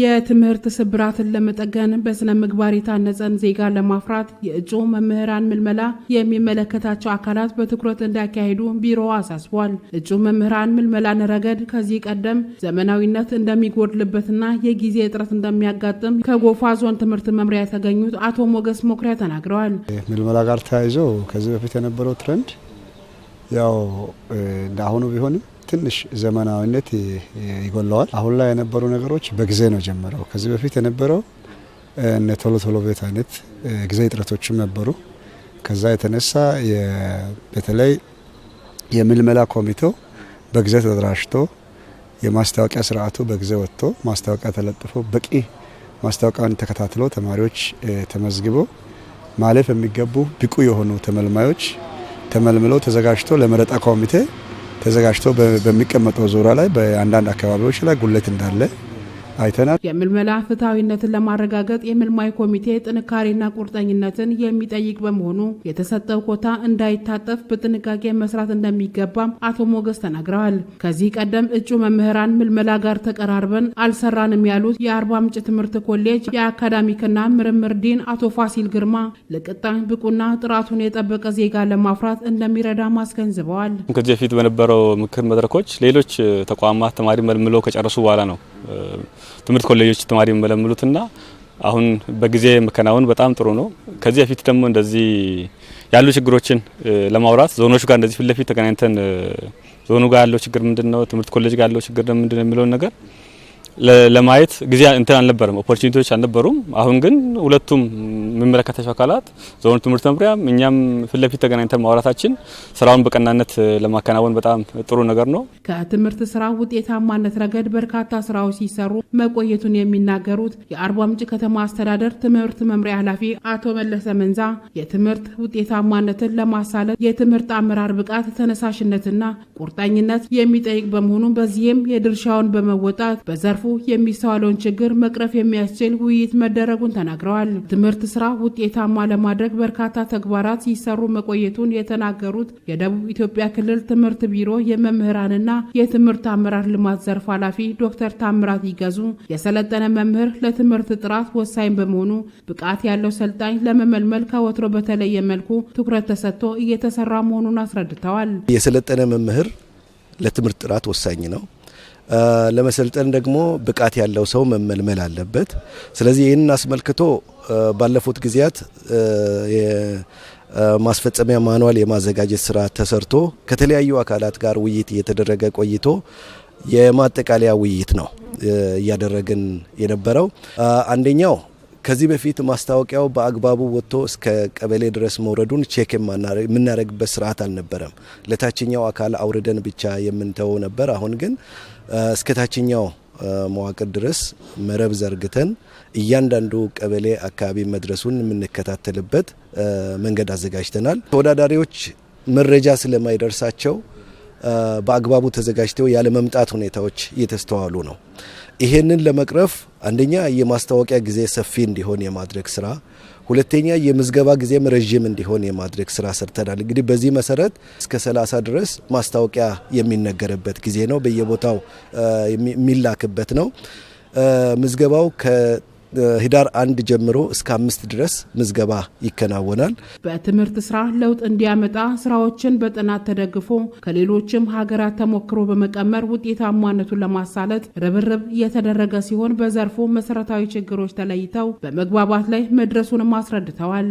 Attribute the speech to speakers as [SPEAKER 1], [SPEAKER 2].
[SPEAKER 1] የትምህርት ስብራትን ለመጠገን በስነ ምግባር የታነጸን ዜጋ ለማፍራት የእጩ መምህራን ምልመላ የሚመለከታቸው አካላት በትኩረት እንዲያካሂዱ ቢሮ አሳስቧል። እጩ መምህራን ምልመላን ረገድ ከዚህ ቀደም ዘመናዊነት እንደሚጎድልበትና የጊዜ እጥረት እንደሚያጋጥም ከጎፋ ዞን ትምህርት መምሪያ የተገኙት አቶ ሞገስ ሞኩሪያ ተናግረዋል።
[SPEAKER 2] ምልመላ ጋር ተያይዞ ከዚህ በፊት የነበረው ትረንድ ያው እንደ አሁኑ ቢሆንም ትንሽ ዘመናዊነት ይጎለዋል። አሁን ላይ የነበሩ ነገሮች በጊዜ ነው ጀመረው። ከዚህ በፊት የነበረው እነ ቶሎ ቶሎ ቤት አይነት ጊዜ እጥረቶችም ነበሩ። ከዛ የተነሳ በተለይ የምልመላ ኮሚቴው በጊዜ ተደራጅቶ የማስታወቂያ ስርዓቱ በጊዜ ወጥቶ ማስታወቂያ ተለጥፎ በቂ ማስታወቂያን ተከታትሎ ተማሪዎች ተመዝግበው ማለፍ የሚገቡ ብቁ የሆኑ ተመልማዮች ተመልምለው ተዘጋጅቶ ለመረጣ ኮሚቴ ተዘጋጅቶ በሚቀመጠው ዙሪያ ላይ በአንዳንድ አካባቢዎች ላይ ጉለት እንዳለ አይተናል።
[SPEAKER 1] የምልመላ ፍትሐዊነትን ለማረጋገጥ የምልማይ ኮሚቴ ጥንካሬና ቁርጠኝነትን የሚጠይቅ በመሆኑ የተሰጠው ኮታ እንዳይታጠፍ በጥንቃቄ መስራት እንደሚገባም አቶ ሞገስ ተናግረዋል። ከዚህ ቀደም እጩ መምህራን ምልመላ ጋር ተቀራርበን አልሰራንም ያሉት የአርባ ምንጭ ትምህርት ኮሌጅ የአካዳሚክና ምርምር ዲን አቶ ፋሲል ግርማ ለቀጣይ ብቁና ጥራቱን የጠበቀ ዜጋ ለማፍራት እንደሚረዳ ማስገንዝበዋል።
[SPEAKER 3] ከዚህ በፊት በነበረው ምክር መድረኮች ሌሎች ተቋማት ተማሪ መልምሎ ከጨረሱ በኋላ ነው ትምህርት ኮሌጆች ተማሪ የሚመለምሉትና አሁን በጊዜ መከናወን በጣም ጥሩ ነው። ከዚህ በፊት ደግሞ እንደዚህ ያሉ ችግሮችን ለማውራት ዞኖች ጋር እንደዚህ ፊት ለፊት ተገናኝተን ዞኑ ጋር ያለው ችግር ምንድነው፣ ትምህርት ኮሌጅ ጋር ያለው ችግር ምንድነው የሚለውን ነገር ለማየት ጊዜ እንትን አልነበረም፣ ኦፖርቹኒቲዎች አልነበሩም። አሁን ግን ሁለቱም የሚመለከታቸው አካላት ዞኑ ትምህርት መምሪያ፣ እኛም ፊት ለፊት ተገናኝተን ማውራታችን ስራውን በቀናነት ለማከናወን በጣም ጥሩ ነገር ነው።
[SPEAKER 1] ከትምህርት ስራ ውጤታማነት ረገድ በርካታ ስራዎች ሲሰሩ መቆየቱን የሚናገሩት የአርባ ምንጭ ከተማ አስተዳደር ትምህርት መምሪያ ኃላፊ አቶ መለሰ መንዛ የትምህርት ውጤታማነትን ለማሳለጥ የትምህርት አመራር ብቃት፣ ተነሳሽነትና ቁርጠኝነት የሚጠይቅ በመሆኑ በዚህም የድርሻውን በመወጣት በዘርፉ የሚስተዋለውን ችግር መቅረፍ የሚያስችል ውይይት መደረጉን ተናግረዋል። ትምህርት ስራ ውጤታማ ለማድረግ በርካታ ተግባራት ሲሰሩ መቆየቱን የተናገሩት የደቡብ ኢትዮጵያ ክልል ትምህርት ቢሮ የመምህራንና የትምህርት አመራር ልማት ዘርፍ ኃላፊ ዶክተር ታምራት ይገዙ የሰለጠነ መምህር ለትምህርት ጥራት ወሳኝ በመሆኑ ብቃት ያለው ሰልጣኝ ለመመልመል ከወትሮ በተለየ መልኩ ትኩረት ተሰጥቶ እየተሰራ መሆኑን አስረድተዋል።
[SPEAKER 4] የሰለጠነ መምህር ለትምህርት ጥራት ወሳኝ ነው። ለመሰልጠን ደግሞ ብቃት ያለው ሰው መመልመል አለበት። ስለዚህ ይህንን አስመልክቶ ባለፉት ጊዜያት ማስፈጸሚያ ማኑዋል የማዘጋጀት ስራ ተሰርቶ ከተለያዩ አካላት ጋር ውይይት እየተደረገ ቆይቶ የማጠቃለያ ውይይት ነው እያደረግን የነበረው። አንደኛው ከዚህ በፊት ማስታወቂያው በአግባቡ ወጥቶ እስከ ቀበሌ ድረስ መውረዱን ቼክ የምናደርግበት ስርዓት አልነበረም። ለታችኛው አካል አውርደን ብቻ የምንተወው ነበር። አሁን ግን እስከ ታችኛው መዋቅር ድረስ መረብ ዘርግተን እያንዳንዱ ቀበሌ አካባቢ መድረሱን የምንከታተልበት መንገድ አዘጋጅተናል። ተወዳዳሪዎች መረጃ ስለማይደርሳቸው በአግባቡ ተዘጋጅተው ያለመምጣት ሁኔታዎች እየተስተዋሉ ነው። ይሄንን ለመቅረፍ አንደኛ የማስታወቂያ ጊዜ ሰፊ እንዲሆን የማድረግ ስራ፣ ሁለተኛ የምዝገባ ጊዜም ረዥም እንዲሆን የማድረግ ስራ ሰርተናል። እንግዲህ በዚህ መሰረት እስከ 30 ድረስ ማስታወቂያ የሚነገርበት ጊዜ ነው። በየቦታው የሚላክበት ነው። ምዝገባው ከ ህዳር አንድ ጀምሮ እስከ አምስት ድረስ ምዝገባ ይከናወናል።
[SPEAKER 1] በትምህርት ስራ ለውጥ እንዲያመጣ ስራዎችን በጥናት ተደግፎ ከሌሎችም ሀገራት ተሞክሮ በመቀመር ውጤታማነቱን ለማሳለጥ ርብርብ የተደረገ ሲሆን በዘርፉ መሰረታዊ ችግሮች ተለይተው በመግባባት ላይ መድረሱንም አስረድተዋል።